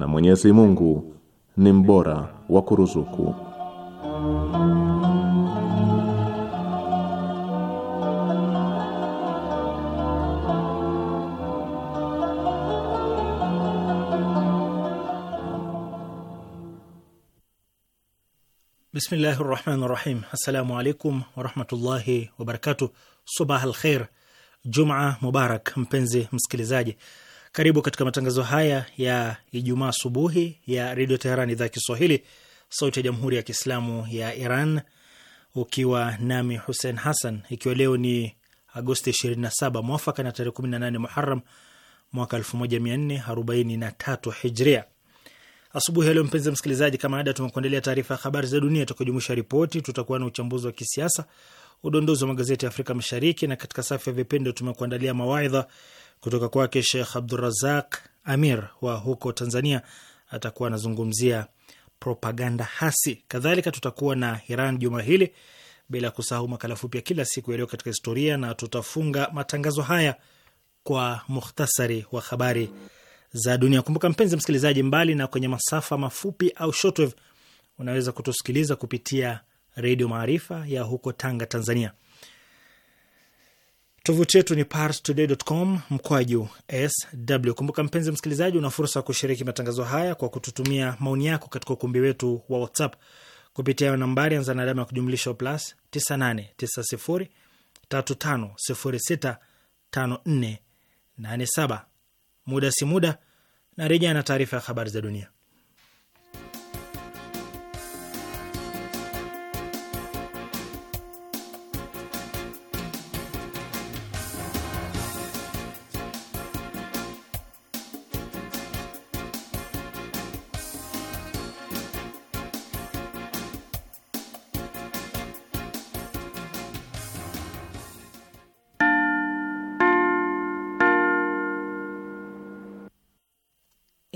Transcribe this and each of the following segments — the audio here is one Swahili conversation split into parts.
na Mwenyezi Mungu ni mbora wa kuruzuku. Bismillahi rahmani rahim. Assalamu alaikum warahmatullahi wabarakatuh. Subah alkheir, juma mubarak, mpenzi msikilizaji. Karibu katika matangazo haya ya Ijumaa asubuhi ya Redio Teheran, idhaa ya Kiswahili, sauti ya Jamhuri ya Kiislamu ya Iran, ukiwa nami Hussein Hassan, ikiwa leo ni Agosti 27 mwafaka na tarehe 18 Muharam mwaka 1443 Hijria. Asubuhi ya leo, mpenzi msikilizaji, kama ada, tumekuandalia taarifa ya habari za dunia itakujumuisha ripoti, tutakuwa na uchambuzi wa kisiasa, udondozi wa magazeti ya Afrika Mashariki, na katika safu ya vipindi tumekuandalia mawaidha kutoka kwake Shekh Abdurazaq Amir wa huko Tanzania. Atakuwa anazungumzia propaganda hasi. Kadhalika tutakuwa na Iran juma hili, bila kusahau makala fupi ya kila siku yaliyo katika historia, na tutafunga matangazo haya kwa mukhtasari wa habari za dunia. Kumbuka mpenzi msikilizaji, mbali na kwenye masafa mafupi au shortwave, unaweza kutusikiliza kupitia Redio Maarifa ya huko Tanga, Tanzania. Tovuti yetu ni parstoday.com mkwaju sw. Kumbuka mpenzi msikilizaji, una fursa ya kushiriki matangazo haya kwa kututumia maoni yako katika ukumbi wetu wa WhatsApp kupitia nambari, anza na alama ya kujumlisha plus 989035065487. Muda si muda na rejea na taarifa ya habari za dunia.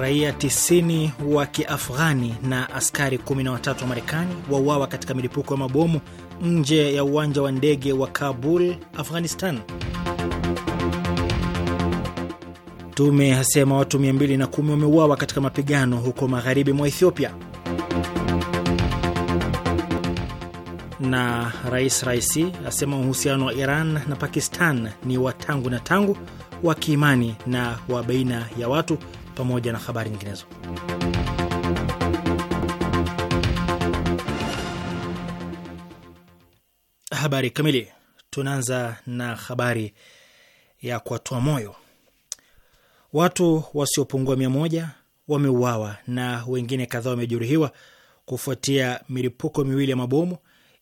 raia 90 wa Kiafghani na askari 13 wa Marekani wauawa katika milipuko ya mabomu nje ya uwanja wa ndege wa Kabul, Afghanistan. Tume hasema watu 210 wameuawa katika mapigano huko magharibi mwa Ethiopia. Na Rais Raisi asema uhusiano wa Iran na Pakistan ni wa tangu na tangu wa kiimani na wa baina ya watu pamoja na habari nyinginezo. Habari kamili. Tunaanza na habari ya kuatua moyo. Watu wasiopungua mia moja wameuawa na wengine kadhaa wamejeruhiwa kufuatia milipuko miwili ya mabomu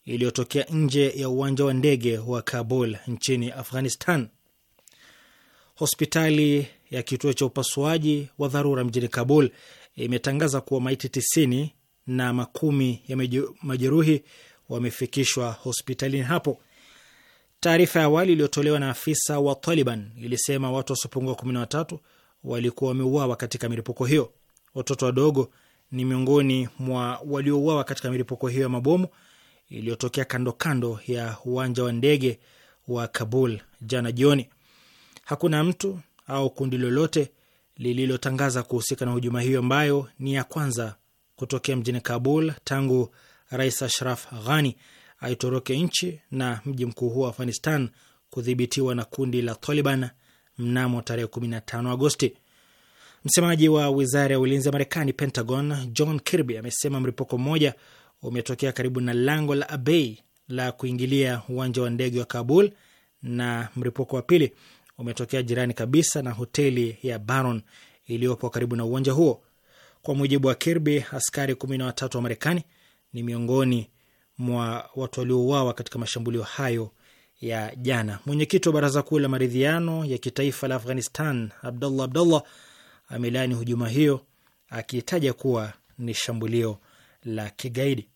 iliyotokea nje ya uwanja wa ndege wa Kabul nchini Afghanistan. Hospitali ya kituo cha upasuaji wa dharura mjini Kabul imetangaza kuwa maiti tisini na makumi ya majeruhi wamefikishwa hospitalini hapo. Taarifa ya awali iliyotolewa na afisa wa Taliban ilisema watu wasiopungua kumi na watatu walikuwa wameuawa katika milipuko hiyo. Watoto wadogo ni miongoni mwa waliouawa katika milipuko hiyo ya mabomu iliyotokea kando kando ya uwanja wa ndege wa Kabul jana jioni. Hakuna mtu au kundi lolote lililotangaza kuhusika na hujuma hiyo ambayo ni ya kwanza kutokea mjini Kabul tangu Rais Ashraf Ghani aitoroke nchi na mji mkuu huo wa Afghanistan kudhibitiwa na kundi la Taliban mnamo tarehe 15 Agosti. Msemaji wa wizara ya ulinzi ya Marekani, Pentagon, John Kirby amesema mlipuko mmoja umetokea karibu na lango la Abei la kuingilia uwanja wa ndege wa Kabul na mlipuko wa pili umetokea jirani kabisa na hoteli ya Baron iliyopo karibu na uwanja huo. Kwa mujibu wa Kirby, askari kumi na watatu wa Marekani ni miongoni mwa watu waliouawa katika mashambulio hayo ya jana. Mwenyekiti wa Baraza Kuu la Maridhiano ya Kitaifa la Afghanistan, Abdullah Abdullah, amelaani hujuma hiyo akiitaja kuwa ni shambulio la kigaidi.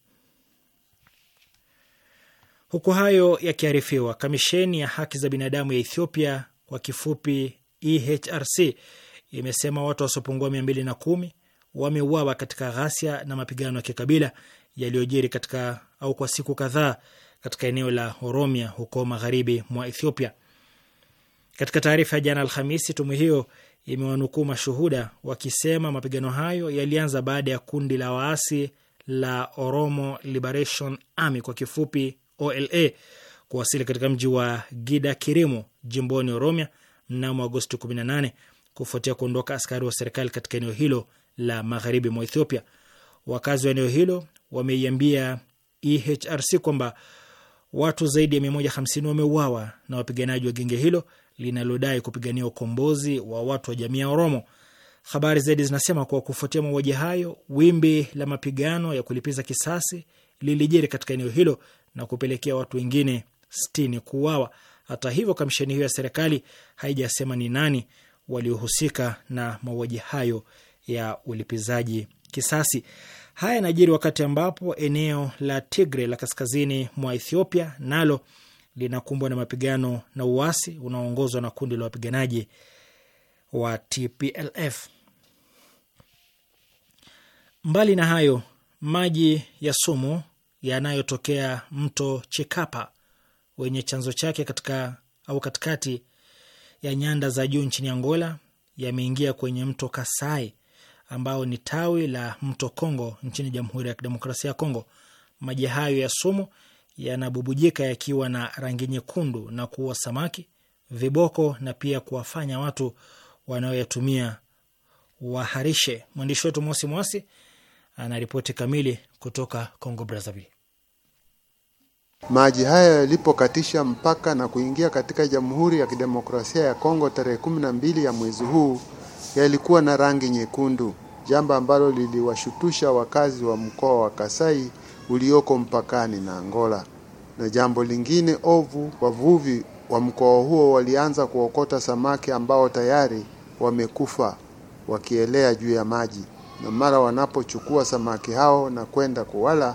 Huku hayo yakiarifiwa, kamisheni ya haki za binadamu ya Ethiopia kwa kifupi EHRC, imesema watu wasiopungua mia mbili na kumi wameuawa katika ghasia na mapigano ya kikabila yaliyojiri katika au kwa siku kadhaa katika eneo la Oromia huko magharibi mwa Ethiopia. Katika taarifa ya jana Alhamisi, tume hiyo imewanukuu mashuhuda wakisema mapigano hayo yalianza baada ya kundi la waasi la Oromo Liberation Army kwa kifupi OLA kuwasili katika mji wa Gida Kirimu jimboni Oromia mnamo Agosti 18 kufuatia kuondoka askari wa serikali katika eneo hilo la magharibi mwa Ethiopia. Wakazi wa eneo hilo wameiambia EHRC kwamba watu zaidi ya 150 wameuawa na wapiganaji wa genge hilo linalodai kupigania ukombozi wa watu wa jamii ya Oromo. Habari zaidi zinasema kuwa kufuatia mauaji hayo, wimbi la mapigano ya kulipiza kisasi lilijiri katika eneo hilo na kupelekea watu wengine 60 kuuawa. Hata hivyo, kamisheni hiyo ya serikali haijasema ni nani waliohusika na mauaji hayo ya ulipizaji kisasi. Haya yanajiri wakati ambapo eneo la Tigre la kaskazini mwa Ethiopia nalo linakumbwa na mapigano na uasi unaoongozwa na kundi la wapiganaji wa TPLF. Mbali na hayo, maji ya sumu yanayotokea mto Chikapa wenye chanzo chake katika au katikati ya nyanda za juu nchini Angola yameingia kwenye mto Kasai ambao ni tawi la mto Kongo nchini Jamhuri ya Kidemokrasia ya Kongo. Maji hayo ya sumu yanabubujika yakiwa na rangi nyekundu na kuua samaki, viboko na pia kuwafanya watu wanaoyatumia waharishe. Mwandishi wetu Mosi Mwasi anaripoti kamili kutoka Kongo Brazzaville. Maji hayo yalipokatisha mpaka na kuingia katika Jamhuri ya Kidemokrasia ya Kongo tarehe kumi na mbili ya mwezi huu yalikuwa na rangi nyekundu, jambo ambalo liliwashutusha wakazi wa mkoa wa Kasai ulioko mpakani na Angola. Na jambo lingine ovu, wavuvi wa mkoa huo walianza kuokota samaki ambao tayari wamekufa wakielea juu ya maji, na mara wanapochukua samaki hao na kwenda kuwala,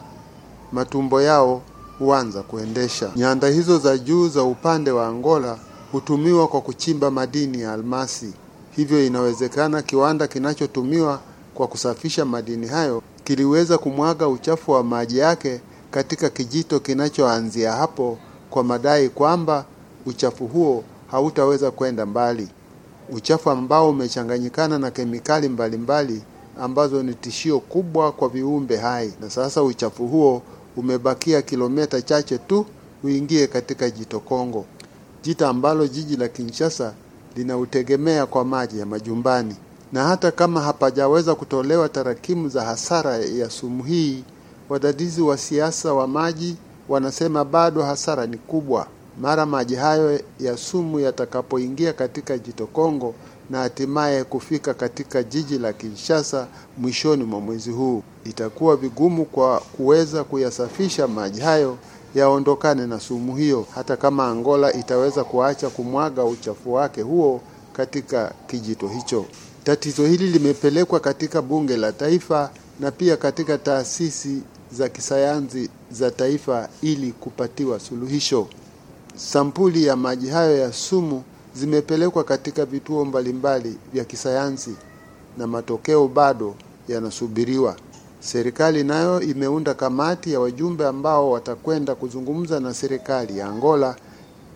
matumbo yao huanza kuendesha. Nyanda hizo za juu za upande wa Angola hutumiwa kwa kuchimba madini ya almasi, hivyo inawezekana kiwanda kinachotumiwa kwa kusafisha madini hayo kiliweza kumwaga uchafu wa maji yake katika kijito kinachoanzia hapo kwa madai kwamba uchafu huo hautaweza kwenda mbali, uchafu ambao umechanganyikana na kemikali mbalimbali mbali ambazo ni tishio kubwa kwa viumbe hai, na sasa uchafu huo umebakia kilomita chache tu uingie katika jito Kongo, jita ambalo jiji la Kinshasa linautegemea kwa maji ya majumbani. Na hata kama hapajaweza kutolewa tarakimu za hasara ya sumu hii, wadadizi wa siasa wa maji wanasema bado hasara ni kubwa. Mara maji hayo ya sumu yatakapoingia katika Jito Kongo na hatimaye kufika katika jiji la Kinshasa mwishoni mwa mwezi huu, itakuwa vigumu kwa kuweza kuyasafisha maji hayo yaondokane na sumu hiyo, hata kama Angola itaweza kuacha kumwaga uchafu wake huo katika kijito hicho. Tatizo hili limepelekwa katika bunge la taifa na pia katika taasisi za kisayansi za taifa ili kupatiwa suluhisho. Sampuli ya maji hayo ya sumu zimepelekwa katika vituo mbalimbali vya kisayansi na matokeo bado yanasubiriwa. Serikali nayo imeunda kamati ya wajumbe ambao watakwenda kuzungumza na serikali ya Angola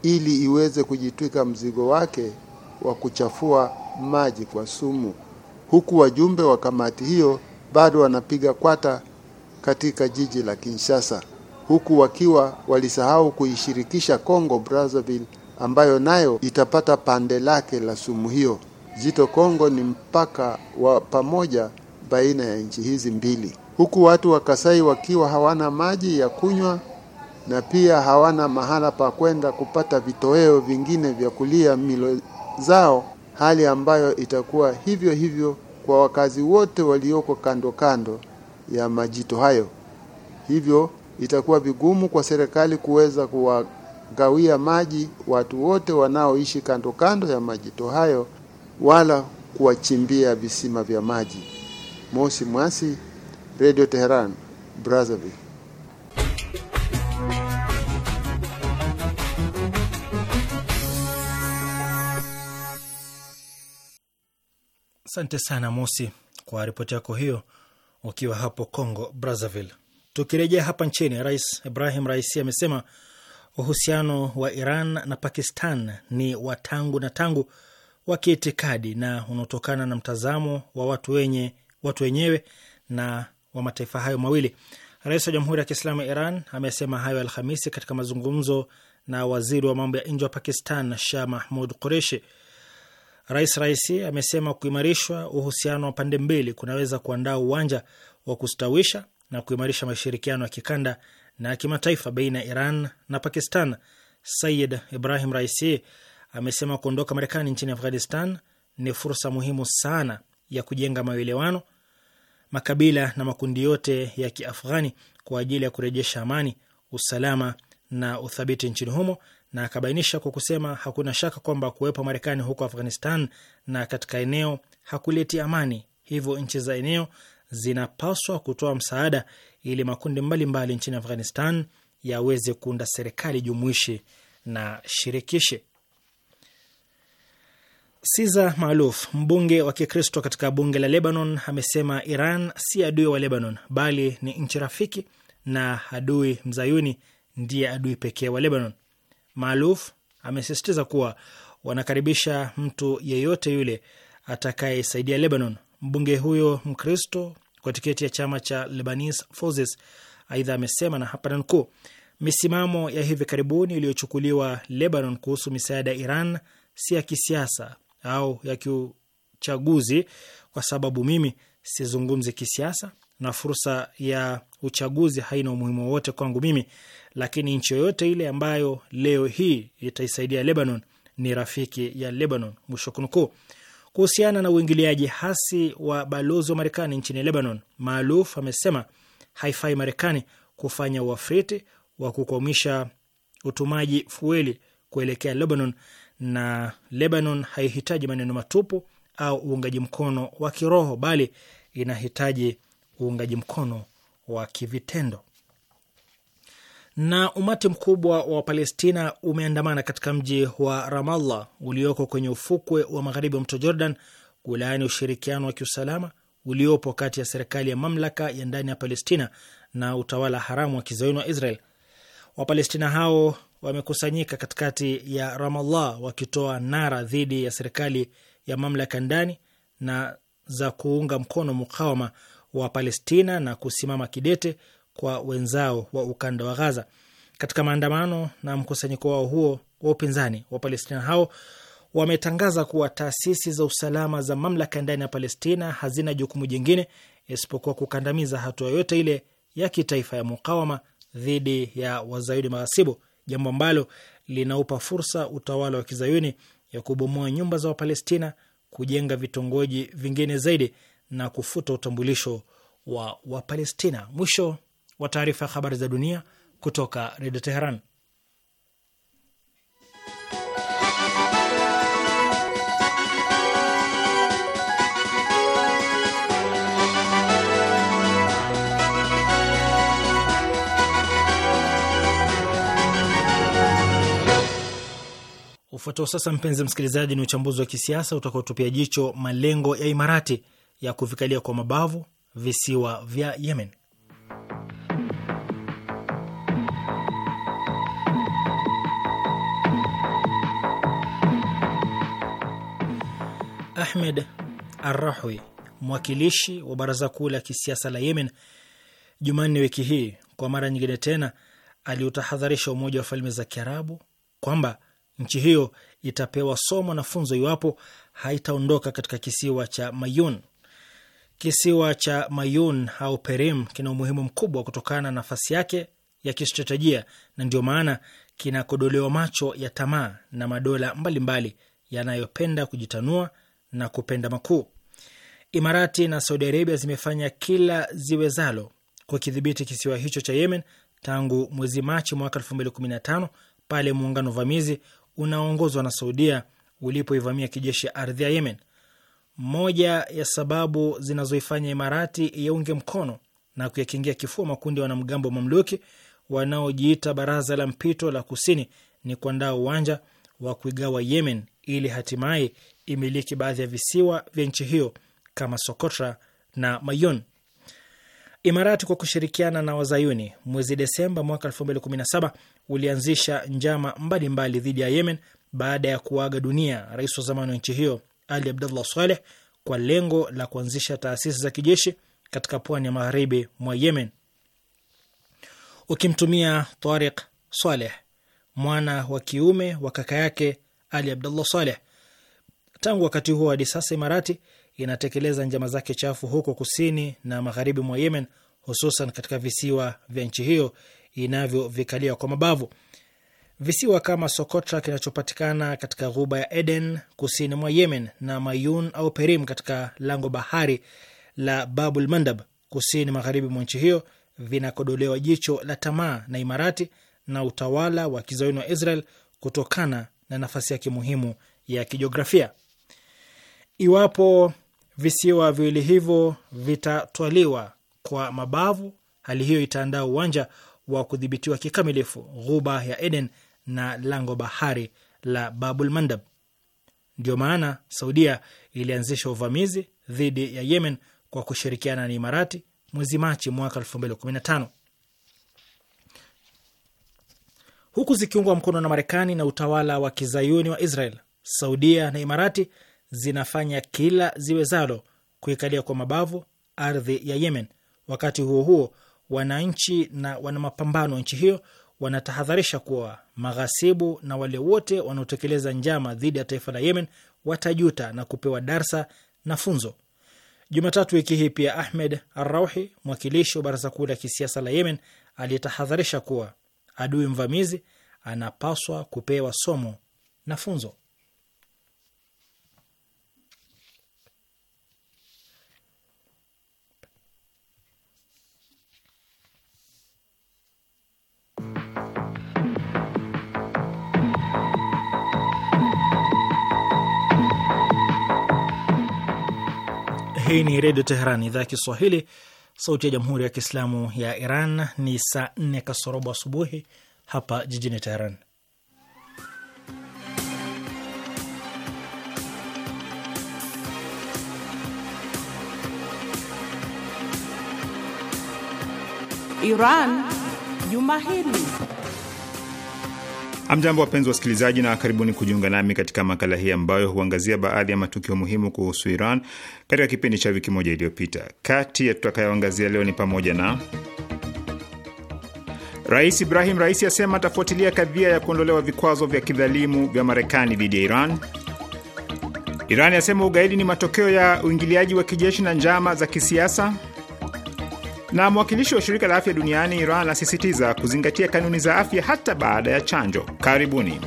ili iweze kujitwika mzigo wake wa kuchafua maji kwa sumu, huku wajumbe wa kamati hiyo bado wanapiga kwata katika jiji la Kinshasa huku wakiwa walisahau kuishirikisha Kongo Brazzaville ambayo nayo itapata pande lake la sumu hiyo. jito Kongo ni mpaka wa pamoja baina ya nchi hizi mbili, huku watu wa Kasai wakiwa hawana maji ya kunywa na pia hawana mahala pa kwenda kupata vitoweo vingine vya kulia milo zao, hali ambayo itakuwa hivyo hivyo kwa wakazi wote walioko kando kando ya majito hayo. Hivyo itakuwa vigumu kwa serikali kuweza kuwagawia maji watu wote wanaoishi kando kando ya majito hayo wala kuwachimbia visima vya maji. Mosi Mwasi, Radio Tehran, Brazzaville. Asante sana Mosi kwa ripoti yako hiyo, ukiwa hapo Congo Brazzaville. Tukirejea hapa nchini, Rais Ibrahim Raisi amesema uhusiano wa Iran na Pakistan ni wa tangu na tangu wa kiitikadi na unaotokana na mtazamo wa watu wenye watu wenyewe na wa mataifa hayo mawili. Rais wa Jamhuri ya Kiislamu ya Iran amesema hayo Alhamisi katika mazungumzo na waziri wa mambo ya nje wa Pakistan, Shah Mahmud Qureshi. Rais Raisi amesema kuimarishwa uhusiano wa pande mbili kunaweza kuandaa uwanja wa kustawisha na kuimarisha mashirikiano ya kikanda na kimataifa baina ya Iran na Pakistan, Sayid Ibrahim Raisi amesema kuondoka Marekani nchini Afghanistan ni fursa muhimu sana ya kujenga maelewano, makabila na makundi yote ya Kiafghani kwa ajili ya kurejesha amani, usalama na uthabiti nchini humo, na akabainisha kwa kusema hakuna shaka kwamba kuwepo Marekani huko Afghanistan na katika eneo hakuleti amani, hivyo nchi za eneo zinapaswa kutoa msaada ili makundi mbalimbali mbali nchini Afghanistan yaweze kuunda serikali jumuishi na shirikishi. Siza Maaluf, mbunge wa Kikristo katika bunge la Lebanon, amesema Iran si adui wa Lebanon bali ni nchi rafiki na adui mzayuni ndiye adui pekee wa Lebanon. Maaluf amesisitiza kuwa wanakaribisha mtu yeyote yule atakayesaidia Lebanon mbunge huyo Mkristo kwa tiketi ya chama cha Lebanese Forces. Aidha amesema na hapa nanukuu, misimamo ya hivi karibuni iliyochukuliwa Lebanon kuhusu misaada ya Iran si ya kisiasa au ya kiuchaguzi, kwa sababu mimi sizungumzi kisiasa na fursa ya uchaguzi haina umuhimu wowote kwangu mimi, lakini nchi yoyote ile ambayo leo hii itaisaidia Lebanon ni rafiki ya Lebanon, mwisho kunukuu. Kuhusiana na uingiliaji hasi wa balozi wa Marekani nchini Lebanon, Maaluf amesema haifai Marekani kufanya uafriti wa kukwamisha utumaji fueli kuelekea Lebanon na Lebanon haihitaji maneno matupu au uungaji mkono wa kiroho, bali inahitaji uungaji mkono wa kivitendo. Na umati mkubwa wa Palestina umeandamana katika mji wa Ramallah ulioko kwenye ufukwe wa magharibi wa mto Jordan kulaani ushirikiano wa kiusalama uliopo kati ya serikali ya mamlaka ya ndani ya Palestina na utawala haramu wa kizayuni wa Israel. Wapalestina hao wamekusanyika katikati ya Ramallah wakitoa nara dhidi ya serikali ya mamlaka ndani na za kuunga mkono mukawama wa Palestina na kusimama kidete kwa wenzao wa ukanda wa Ghaza. Katika maandamano na mkusanyiko wao huo wa upinzani, wa palestina hao wametangaza kuwa taasisi za usalama za mamlaka ndani ya Palestina hazina jukumu jingine isipokuwa kukandamiza hatua yoyote ile ya kitaifa ya mukawama dhidi ya wazayuni maghasibu, jambo ambalo linaupa fursa utawala wa kizayuni ya kubomoa nyumba za Wapalestina, kujenga vitongoji vingine zaidi na kufuta utambulisho wa Wapalestina. Mwisho wa taarifa ya habari za dunia kutoka Redio Teheran. Ufuatao sasa, mpenzi msikilizaji, ni uchambuzi wa kisiasa utakaotupia jicho malengo ya Imarati ya kuvikalia kwa mabavu visiwa vya Yemen. Ahmed Arrahwi, mwakilishi wa baraza kuu la kisiasa la Yemen, Jumanne wiki hii kwa mara nyingine tena aliutahadharisha Umoja wa Falme za Kiarabu kwamba nchi hiyo itapewa somo na funzo iwapo haitaondoka katika kisiwa cha Mayun. Kisiwa cha Mayun au Perim kina umuhimu mkubwa kutokana na nafasi yake ya kistratejia na ndio maana kinakodolewa macho ya tamaa na madola mbalimbali yanayopenda kujitanua na kupenda makuu. Imarati na Saudi Arabia zimefanya kila ziwezalo kukidhibiti kisiwa hicho cha Yemen tangu mwezi Machi mwaka 2015 pale muungano vamizi unaoongozwa na Saudia ulipoivamia kijeshi ardhi ya Yemen. Moja ya sababu zinazoifanya Imarati yaunge mkono na kuyakingia kifua makundi ya wanamgambo mamluki wanaojiita Baraza la Mpito la Kusini ni kuandaa uwanja wa kuigawa Yemen ili hatimaye imiliki baadhi ya visiwa vya nchi hiyo kama Sokotra na Mayun. Imarati kwa kushirikiana na Wazayuni mwezi Desemba mwaka 2017 ulianzisha njama mbalimbali dhidi ya Yemen baada ya kuaga dunia rais wa zamani wa nchi hiyo Ali Abdullah Saleh kwa lengo la kuanzisha taasisi za kijeshi katika pwani ya magharibi mwa Yemen. Ukimtumia Tariq Saleh mwana wa kiume wa kaka yake Ali Abdullah Saleh Tangu wakati huo hadi sasa, Imarati inatekeleza njama zake chafu huko kusini na magharibi mwa Yemen, hususan katika visiwa vya nchi hiyo inavyovikalia kwa mabavu. Visiwa kama Sokotra kinachopatikana katika ghuba ya Eden kusini mwa Yemen na Mayun au Perim katika lango bahari la Babul Mandab kusini magharibi mwa nchi hiyo vinakodolewa jicho la tamaa na Imarati na utawala wa kizayuni wa Israel kutokana na nafasi yake muhimu ya kijiografia. Iwapo visiwa viwili hivyo vitatwaliwa kwa mabavu, hali hiyo itaandaa uwanja wa kudhibitiwa kikamilifu ghuba ya Eden na lango bahari la Babul Mandab. ndio maana Saudia ilianzisha uvamizi dhidi ya Yemen kwa kushirikiana na Imarati mwezi Machi mwaka 2015 huku zikiungwa mkono na Marekani na utawala wa kizayuni wa Israel. Saudia na Imarati zinafanya kila ziwezalo kuikalia kwa mabavu ardhi ya Yemen. Wakati huo huo, wananchi na wanamapambano wa nchi hiyo wanatahadharisha kuwa maghasibu na wale wote wanaotekeleza njama dhidi ya taifa la Yemen watajuta na kupewa darsa na funzo. Jumatatu wiki hii pia, Ahmed Arrauhi, mwakilishi wa baraza kuu la kisiasa la Yemen, aliyetahadharisha kuwa adui mvamizi anapaswa kupewa somo na funzo. Hii ni Redio Teheran, idhaa ya Kiswahili, sauti ya Jamhuri ya Kiislamu ya Iran. Ni saa nne kasorobo asubuhi hapa jijini Teheran. Iran Juma Hili. Amjambo, wapenzi wasikilizaji, na karibuni kujiunga nami katika makala hii ambayo huangazia baadhi ya matukio muhimu kuhusu Iran katika kipindi cha wiki moja iliyopita. Kati ya tutakayoangazia leo ni pamoja na Rais Ibrahim Raisi asema atafuatilia kadhia ya kuondolewa vikwazo vya kidhalimu vya Marekani dhidi ya Iran. Iran yasema ugaidi ni matokeo ya uingiliaji wa kijeshi na njama za kisiasa. Na mwakilishi wa shirika la afya duniani Iran anasisitiza kuzingatia kanuni za afya hata baada ya chanjo. Karibuni.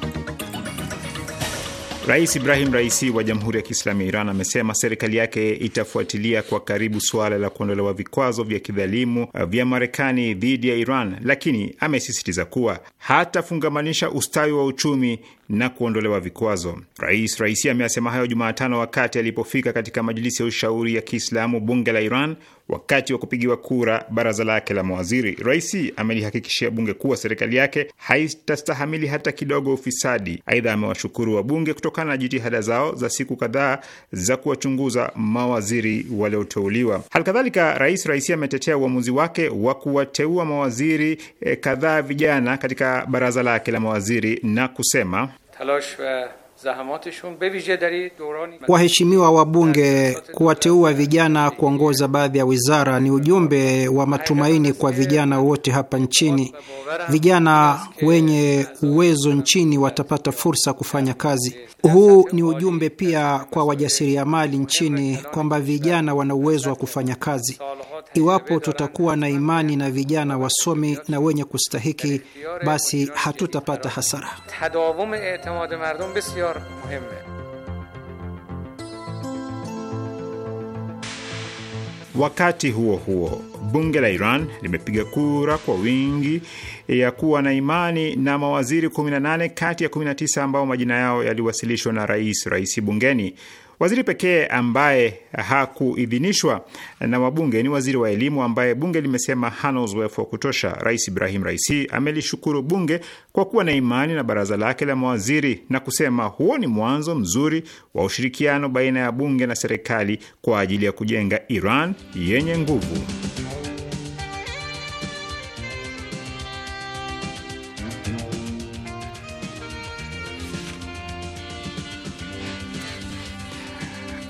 Rais Ibrahim Raisi wa Jamhuri ya Kiislamu ya Iran amesema serikali yake itafuatilia kwa karibu suala la kuondolewa vikwazo vya kidhalimu vya Marekani dhidi ya Iran, lakini amesisitiza kuwa hatafungamanisha ustawi wa uchumi na kuondolewa vikwazo. Rais Raisi ameasema hayo Jumatano wakati alipofika katika Majilisi ya Ushauri ya Kiislamu, bunge la Iran, wakati wa kupigiwa kura baraza lake la mawaziri. Raisi amelihakikishia bunge kuwa serikali yake haitastahamili hata kidogo ufisadi. Aidha, amewashukuru wabunge kutokana na jitihada zao za siku kadhaa za kuwachunguza mawaziri walioteuliwa. Halikadhalika, Rais Raisi ametetea uamuzi wake wa kuwateua mawaziri eh, kadhaa vijana katika baraza lake la mawaziri na kusema eh, Waheshimiwa wabunge, kuwateua vijana kuongoza baadhi ya wizara ni ujumbe wa matumaini kwa vijana wote hapa nchini. Vijana wenye uwezo nchini watapata fursa kufanya kazi. Huu ni ujumbe pia kwa wajasiriamali nchini kwamba vijana wana uwezo wa kufanya kazi. Iwapo tutakuwa na imani na vijana wasomi na wenye kustahiki, basi hatutapata hasara. Wakati huo huo, bunge la Iran limepiga kura kwa wingi ya kuwa na imani na mawaziri 18 kati ya 19 ambao majina yao yaliwasilishwa na rais raisi bungeni. Waziri pekee ambaye hakuidhinishwa na wabunge ni waziri wa elimu ambaye bunge limesema hana uzoefu wa kutosha. Rais Ibrahim Raisi amelishukuru bunge kwa kuwa na imani na baraza lake la mawaziri na kusema huo ni mwanzo mzuri wa ushirikiano baina ya bunge na serikali kwa ajili ya kujenga Iran yenye nguvu.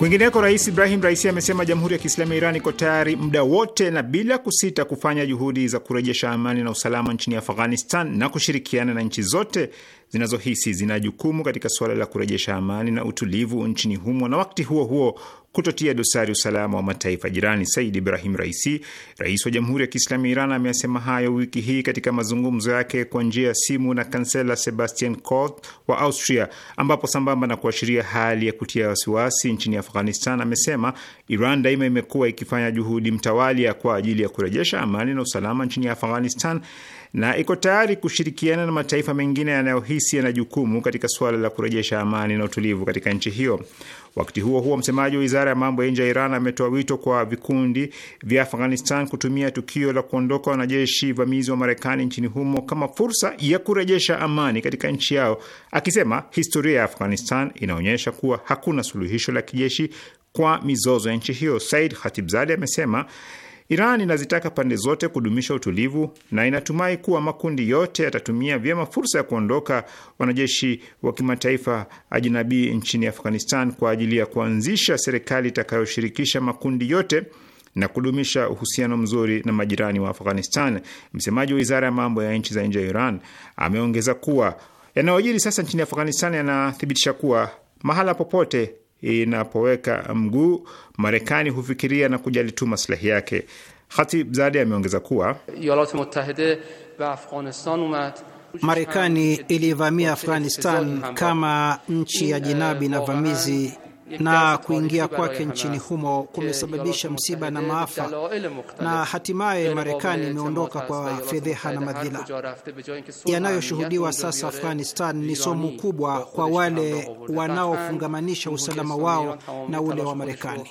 Kwingineko, Rais Ibrahim Raisi amesema Jamhuri ya Kiislamu ya Iran iko tayari muda wote na bila kusita kufanya juhudi za kurejesha amani na usalama nchini Afghanistan na kushirikiana na nchi zote zinazohisi zina jukumu katika suala la kurejesha amani na utulivu nchini humo, na wakati huo huo kutotia dosari usalama wa mataifa jirani. Said Ibrahim Raisi, rais wa Jamhuri ya Kiislamu ya Iran, ameyasema hayo wiki hii katika mazungumzo yake kwa njia ya simu na kansela Sebastian Kurz wa Austria, ambapo sambamba na kuashiria hali ya kutia wasiwasi nchini Afghanistan, amesema Iran daima imekuwa ikifanya juhudi mtawalia kwa ajili ya kurejesha amani na usalama nchini Afghanistan na iko tayari kushirikiana na mataifa mengine yanayohisi yana jukumu katika suala la kurejesha amani na utulivu katika nchi hiyo. Wakati huo huo, msemaji wa wizara ya mambo ya nje ya Iran ametoa wito kwa vikundi vya Afghanistan kutumia tukio la kuondoka wanajeshi vamizi wa Marekani nchini humo kama fursa ya kurejesha amani katika nchi yao, akisema historia ya Afghanistan inaonyesha kuwa hakuna suluhisho la kijeshi kwa mizozo ya nchi hiyo. Said Khatibzadeh amesema Iran inazitaka pande zote kudumisha utulivu na inatumai kuwa makundi yote yatatumia vyema fursa ya kuondoka wanajeshi wa kimataifa ajinabii nchini Afghanistan kwa ajili ya kuanzisha serikali itakayoshirikisha makundi yote na kudumisha uhusiano mzuri na majirani wa Afghanistan. Msemaji wa wizara ya mambo ya nchi za nje ya Iran ameongeza kuwa yanayojiri sasa nchini Afghanistan yanathibitisha kuwa mahala popote inapoweka mguu, Marekani hufikiria na kujali tu maslahi yake. Khatib Zade ameongeza kuwa Marekani ilivamia Afghanistan kama nchi ya jinabi na vamizi na kuingia kwake nchini humo kumesababisha msiba na maafa, na hatimaye Marekani imeondoka kwa fedheha na madhila. Yanayoshuhudiwa sasa Afghanistan ni somo kubwa kwa wale wanaofungamanisha usalama wao na ule wa Marekani.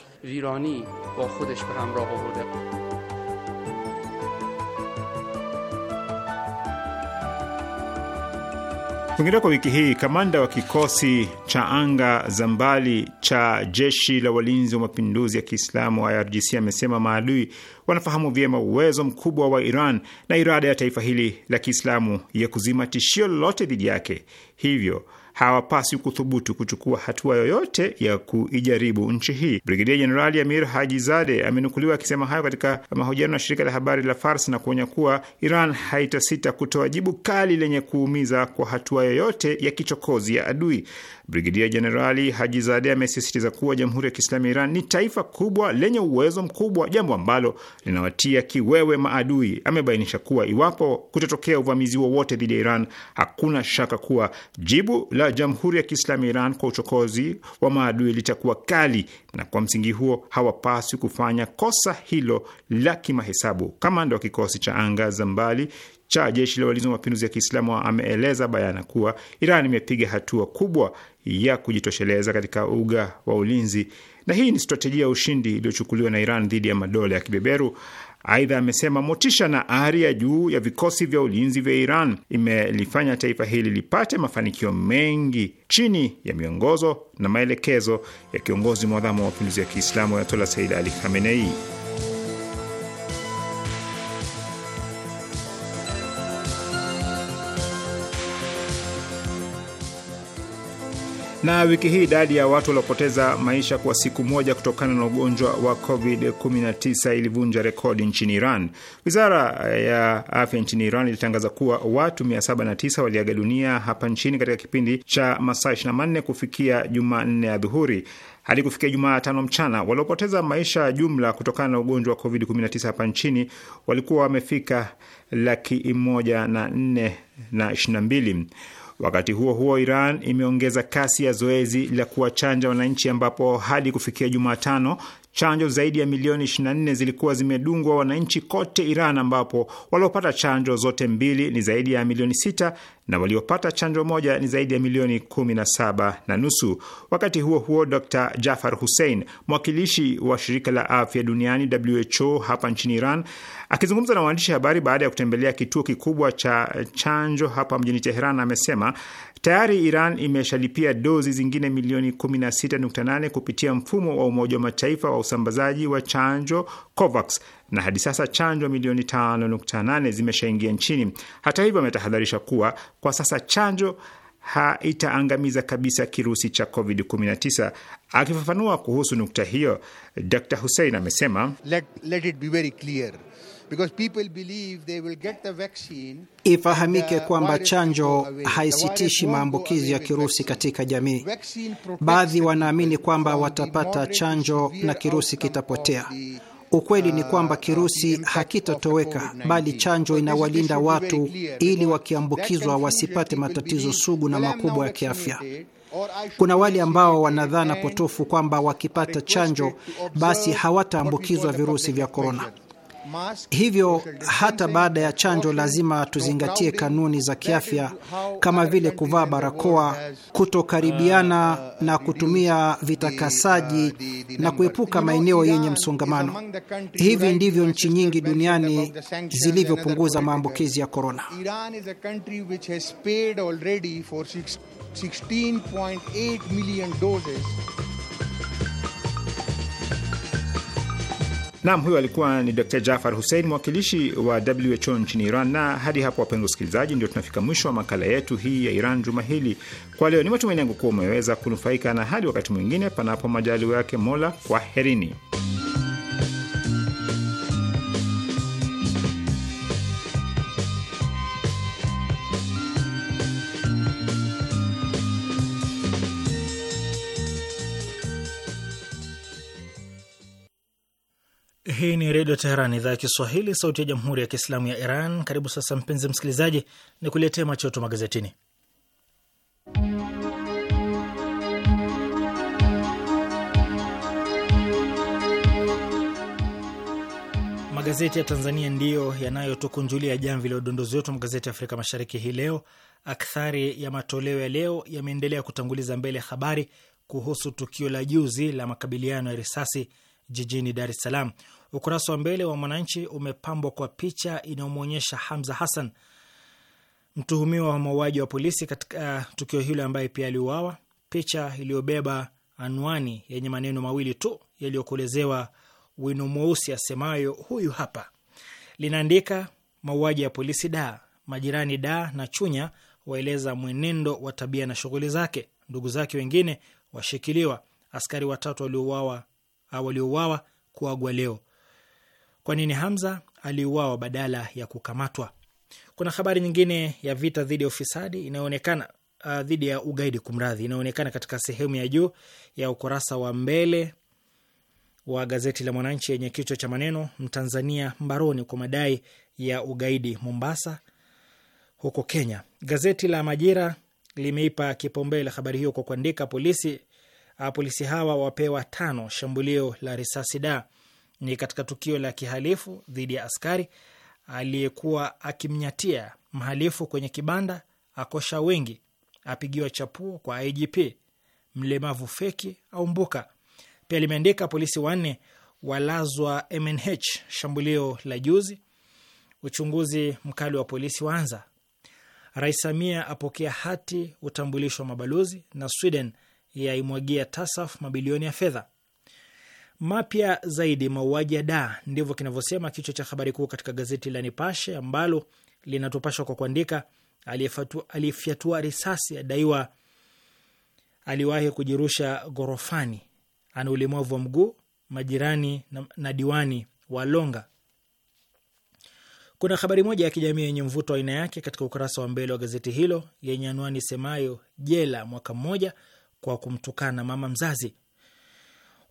Kwingineko, wiki hii kamanda wa kikosi cha anga za mbali cha jeshi la walinzi wa mapinduzi ya Kiislamu IRGC amesema maadui wanafahamu vyema uwezo mkubwa wa Iran na irada ya taifa hili la Kiislamu ya kuzima tishio lolote dhidi yake, hivyo hawapasi kuthubutu kuchukua hatua yoyote ya kuijaribu nchi hii. Brigedia Jenerali Amir Haji Zade amenukuliwa akisema hayo katika mahojiano na shirika la habari la Fars na kuonya kuwa Iran haitasita kutoa jibu kali lenye kuumiza kwa hatua yoyote ya kichokozi ya adui. Brigedia Jenerali haji zade amesisitiza kuwa Jamhuri ya Kiislamu ya Iran ni taifa kubwa lenye uwezo mkubwa, jambo ambalo linawatia kiwewe maadui. Amebainisha kuwa iwapo kutatokea uvamizi wowote dhidi ya Iran, hakuna shaka kuwa jibu la Jamhuri ya Kiislamu ya Iran kwa uchokozi wa maadui litakuwa kali, na kwa msingi huo hawapaswi kufanya kosa hilo la kimahesabu. Kamanda wa kikosi cha anga za mbali cha jeshi la walinzi wa mapinduzi ya Kiislamu ameeleza bayana kuwa Iran imepiga hatua kubwa ya kujitosheleza katika uga wa ulinzi na hii ni stratejia ya ushindi iliyochukuliwa na Iran dhidi ya madola ya kibeberu. Aidha, amesema motisha na ari ya juu ya vikosi vya ulinzi vya Iran imelifanya taifa hili lipate mafanikio mengi chini ya miongozo na maelekezo ya kiongozi mwadhamu wa mapinduzi ya Kiislamu Ayatollah Said Ali Khamenei. Na wiki hii idadi ya watu waliopoteza maisha kwa siku moja kutokana na ugonjwa wa COVID-19 ilivunja rekodi nchini Iran. Wizara ya afya nchini Iran ilitangaza kuwa watu 709 waliaga dunia hapa nchini katika kipindi cha masaa 24 kufikia Jumanne ya dhuhuri hadi kufikia Jumatano mchana. Waliopoteza maisha jumla kutokana na ugonjwa wa COVID-19 hapa nchini walikuwa wamefika laki moja na nne na ishirini na mbili. Wakati huo huo, Iran imeongeza kasi ya zoezi la kuwachanja wananchi, ambapo hadi kufikia Jumatano chanjo zaidi ya milioni 24 zilikuwa zimedungwa wananchi kote Iran, ambapo waliopata chanjo zote mbili ni zaidi ya milioni 6 na waliopata chanjo moja ni zaidi ya milioni kumi na saba na nusu. Wakati huo huo, Dr Jafar Hussein, mwakilishi wa shirika la afya duniani WHO hapa nchini Iran, akizungumza na waandishi habari baada ya kutembelea kituo kikubwa cha chanjo hapa mjini Teheran, amesema tayari Iran imeshalipia dozi zingine milioni 16.8 kupitia mfumo wa Umoja wa Mataifa wa usambazaji wa chanjo COVAX na hadi sasa chanjo milioni 5.8 zimeshaingia nchini. Hata hivyo, ametahadharisha kuwa kwa sasa chanjo haitaangamiza kabisa kirusi cha COVID-19. Akifafanua kuhusu nukta hiyo, Dr Hussein amesema let, let it be very clear. Ifahamike kwamba chanjo haisitishi maambukizi ya kirusi katika jamii. Baadhi wanaamini kwamba watapata chanjo na kirusi kitapotea. Ukweli ni kwamba kirusi hakitatoweka, bali chanjo inawalinda watu ili wakiambukizwa wasipate matatizo sugu na makubwa ya kiafya. Kuna wale ambao wanadhana potofu kwamba wakipata chanjo basi hawataambukizwa virusi vya korona. Hivyo hata baada ya chanjo lazima tuzingatie kanuni za kiafya kama vile kuvaa barakoa, kutokaribiana na kutumia vitakasaji na kuepuka maeneo yenye msongamano. Hivi ndivyo nchi nyingi duniani zilivyopunguza maambukizi ya korona. Nam, huyo alikuwa ni Dr Jafar Hussein, mwakilishi wa WHO nchini Iran. Na hadi hapo, wapenzi wasikilizaji, ndio tunafika mwisho wa makala yetu hii ya Iran juma hili. Kwa leo, ni matumaini yangu kuwa umeweza kunufaika, na hadi wakati mwingine, panapo majaliwa yake Mola, kwaherini. Hii ni Redio Teheran, idhaa ya Kiswahili, sauti ya Jamhuri ya Kiislamu ya Iran. Karibu sasa, mpenzi msikilizaji, ni kuletea machoto magazetini. Magazeti ya Tanzania ndiyo yanayotukunjulia jamvi la udondozi wetu magazeti ya Afrika Mashariki hii leo. Akthari ya matoleo ya leo yameendelea kutanguliza mbele habari kuhusu tukio la juzi la makabiliano ya risasi jijini Dar es Salaam. Ukurasa wa mbele wa Mwananchi umepambwa kwa picha inayomwonyesha Hamza Hassan, mtuhumiwa wa mauaji wa polisi katika uh, tukio hilo, ambaye pia aliuawa, picha iliyobeba anwani yenye maneno mawili tu yaliyokolezewa wino mweusi asemayo huyu hapa, linaandika mauaji ya polisi da majirani da na Chunya waeleza mwenendo wa tabia na shughuli zake. Ndugu zake wengine washikiliwa. Askari watatu waliouawa Ah, waliouawa kuagwa leo. Kwa nini Hamza aliuawa badala ya kukamatwa? Kuna habari nyingine ya vita dhidi ya ufisadi inayoonekana uh, dhidi ya ugaidi, kumradhi, inaonekana katika sehemu ya juu ya ukurasa wa mbele wa gazeti la Mwananchi yenye kichwa cha maneno Mtanzania mbaroni kwa madai ya ugaidi Mombasa huko Kenya. Gazeti la Majira limeipa kipaumbele habari hiyo kwa kuandika polisi Ah, polisi hawa wapewa tano shambulio la risasi da. Ni katika tukio la kihalifu dhidi ya askari aliyekuwa akimnyatia mhalifu kwenye kibanda, akosha wengi, apigiwa chapuo kwa IGP mlemavu feki au mbuka. Pia limeandika polisi wanne walazwa MNH shambulio la juzi, uchunguzi mkali wa polisi waanza. Rais Samia apokea hati utambulisho wa mabalozi na Sweden yaimwagia TASAF mabilioni ya fedha. Mapya zaidi mauaji ya daa, ndivyo kinavyosema kichwa cha habari kuu katika gazeti la Nipashe ambalo linatupashwa kwa kuandika aliyefyatua risasi adaiwa aliwahi kujirusha ghorofani, ana ulemavu wa mguu, majirani na, na diwani wa Longa. Kuna habari moja ya kijamii yenye mvuto wa aina yake katika ukurasa wa mbele wa gazeti hilo yenye anwani semayo jela mwaka mmoja kwa kumtukana mama mzazi.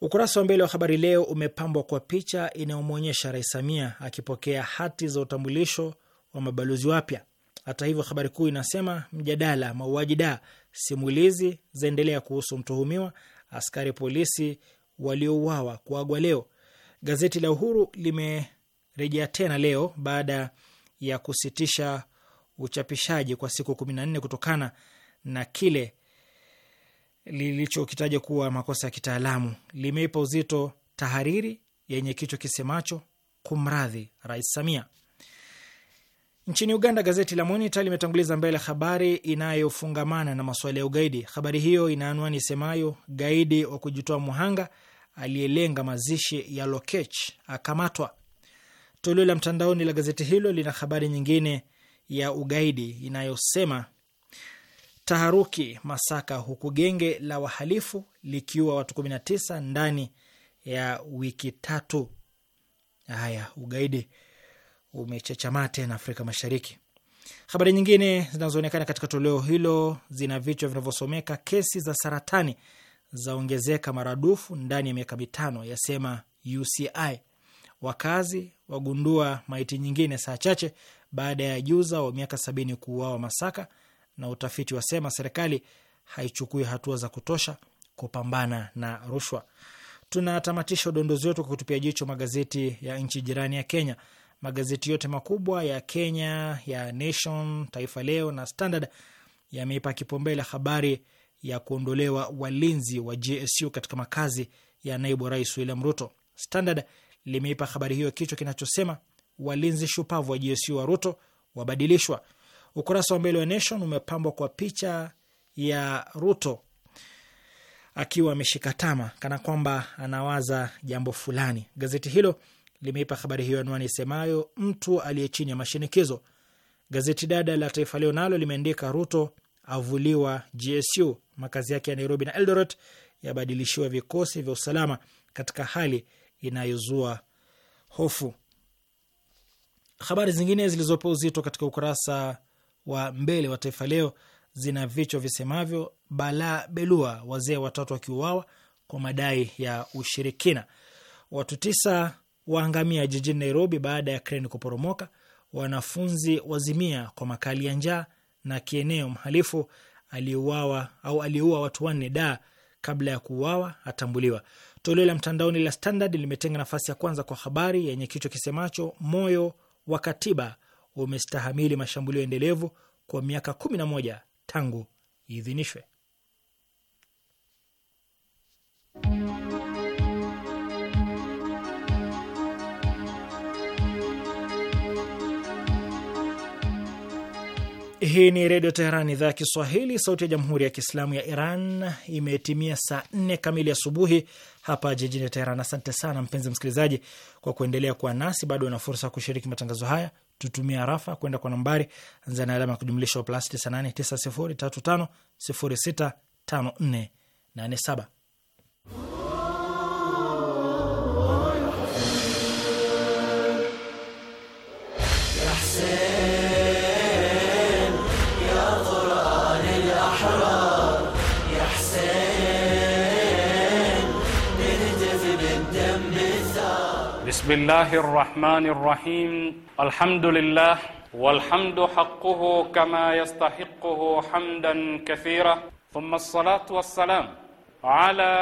Ukurasa wa mbele wa Habari Leo umepambwa kwa picha inayomwonyesha Rais Samia akipokea hati za utambulisho wa mabalozi wapya. Hata hivyo, habari kuu inasema mjadala mauaji da, simulizi zaendelea kuhusu mtuhumiwa, askari polisi waliouawa kuagwa leo. Gazeti la Uhuru limerejea tena leo baada ya kusitisha uchapishaji kwa siku kumi na nne kutokana na kile lilichokitaja kuwa makosa ya kitaalamu limeipa uzito tahariri yenye kichwa kisemacho kumradhi Rais Samia. Nchini Uganda, gazeti la Monitor limetanguliza mbele habari inayofungamana na masuala ya ugaidi. Habari hiyo ina anwani isemayo gaidi wa kujitoa muhanga aliyelenga mazishi ya Lokech akamatwa. Toleo la mtandaoni la gazeti hilo lina habari nyingine ya ugaidi inayosema taharuki Masaka, huku genge la wahalifu likiwa watu 19 ndani ya wiki tatu. Haya, ugaidi umechechamaa tena Afrika Mashariki. Habari nyingine zinazoonekana katika toleo hilo zina vichwa vinavyosomeka kesi za saratani zaongezeka maradufu ndani ya miaka mitano, yasema UCI. Wakazi wagundua maiti nyingine saa chache baada ya juza wa miaka sabini kuuawa Masaka na utafiti wasema serikali haichukui hatua za kutosha kupambana na rushwa. Tunatamatisha udondozi wetu kwa kutupia jicho magazeti ya nchi jirani ya Kenya. Magazeti yote makubwa ya Kenya ya Nation, Taifa Leo na Standard yameipa kipaumbele habari ya kuondolewa walinzi wa GSU katika makazi ya naibu rais William Ruto. Standard limeipa habari hiyo kichwa kinachosema walinzi shupavu wa GSU wa Ruto wabadilishwa. Ukurasa wa mbele wa Nation umepambwa kwa picha ya Ruto akiwa ameshika tama kana kwamba anawaza jambo fulani. Gazeti hilo limeipa habari hiyo anwani isemayo mtu aliye chini ya mashinikizo. Gazeti dada la Taifa Leo nalo limeandika Ruto avuliwa GSU, makazi yake ya Nairobi na Eldoret yabadilishiwa vikosi vya usalama katika hali inayozua hofu. Habari zingine zilizopewa uzito katika ukurasa wa mbele wa Taifa Leo zina vichwa visemavyo: balaa Belua, wazee watatu wakiuawa kwa madai ya ushirikina; watu tisa waangamia jijini Nairobi baada ya kreni kuporomoka; wanafunzi wazimia kwa makali ya njaa; na kieneo, mhalifu aliuawa au aliua watu wanne da kabla ya kuuawa atambuliwa. Toleo la mtandaoni la Standard limetenga nafasi ya kwanza kwa habari yenye kichwa kisemacho moyo wa katiba umestahamili mashambulio endelevu kwa miaka kumi na moja tangu iidhinishwe. Hii ni Redio Teheran, idhaa ya Kiswahili, sauti ya Jamhuri ya Kiislamu ya Iran. Imetimia saa nne kamili asubuhi hapa jijini Teheran. Asante sana mpenzi msikilizaji kwa kuendelea kuwa nasi. Bado una fursa ya kushiriki matangazo haya tutumia rafa kwenda kwa nambari anza na alama ya kujumlisha plus saba بسم الله الرحمن الرحيم الحمد لله والحمد حقه كما يستحقه حمدا كثيرا ثم الصلاة والسلام على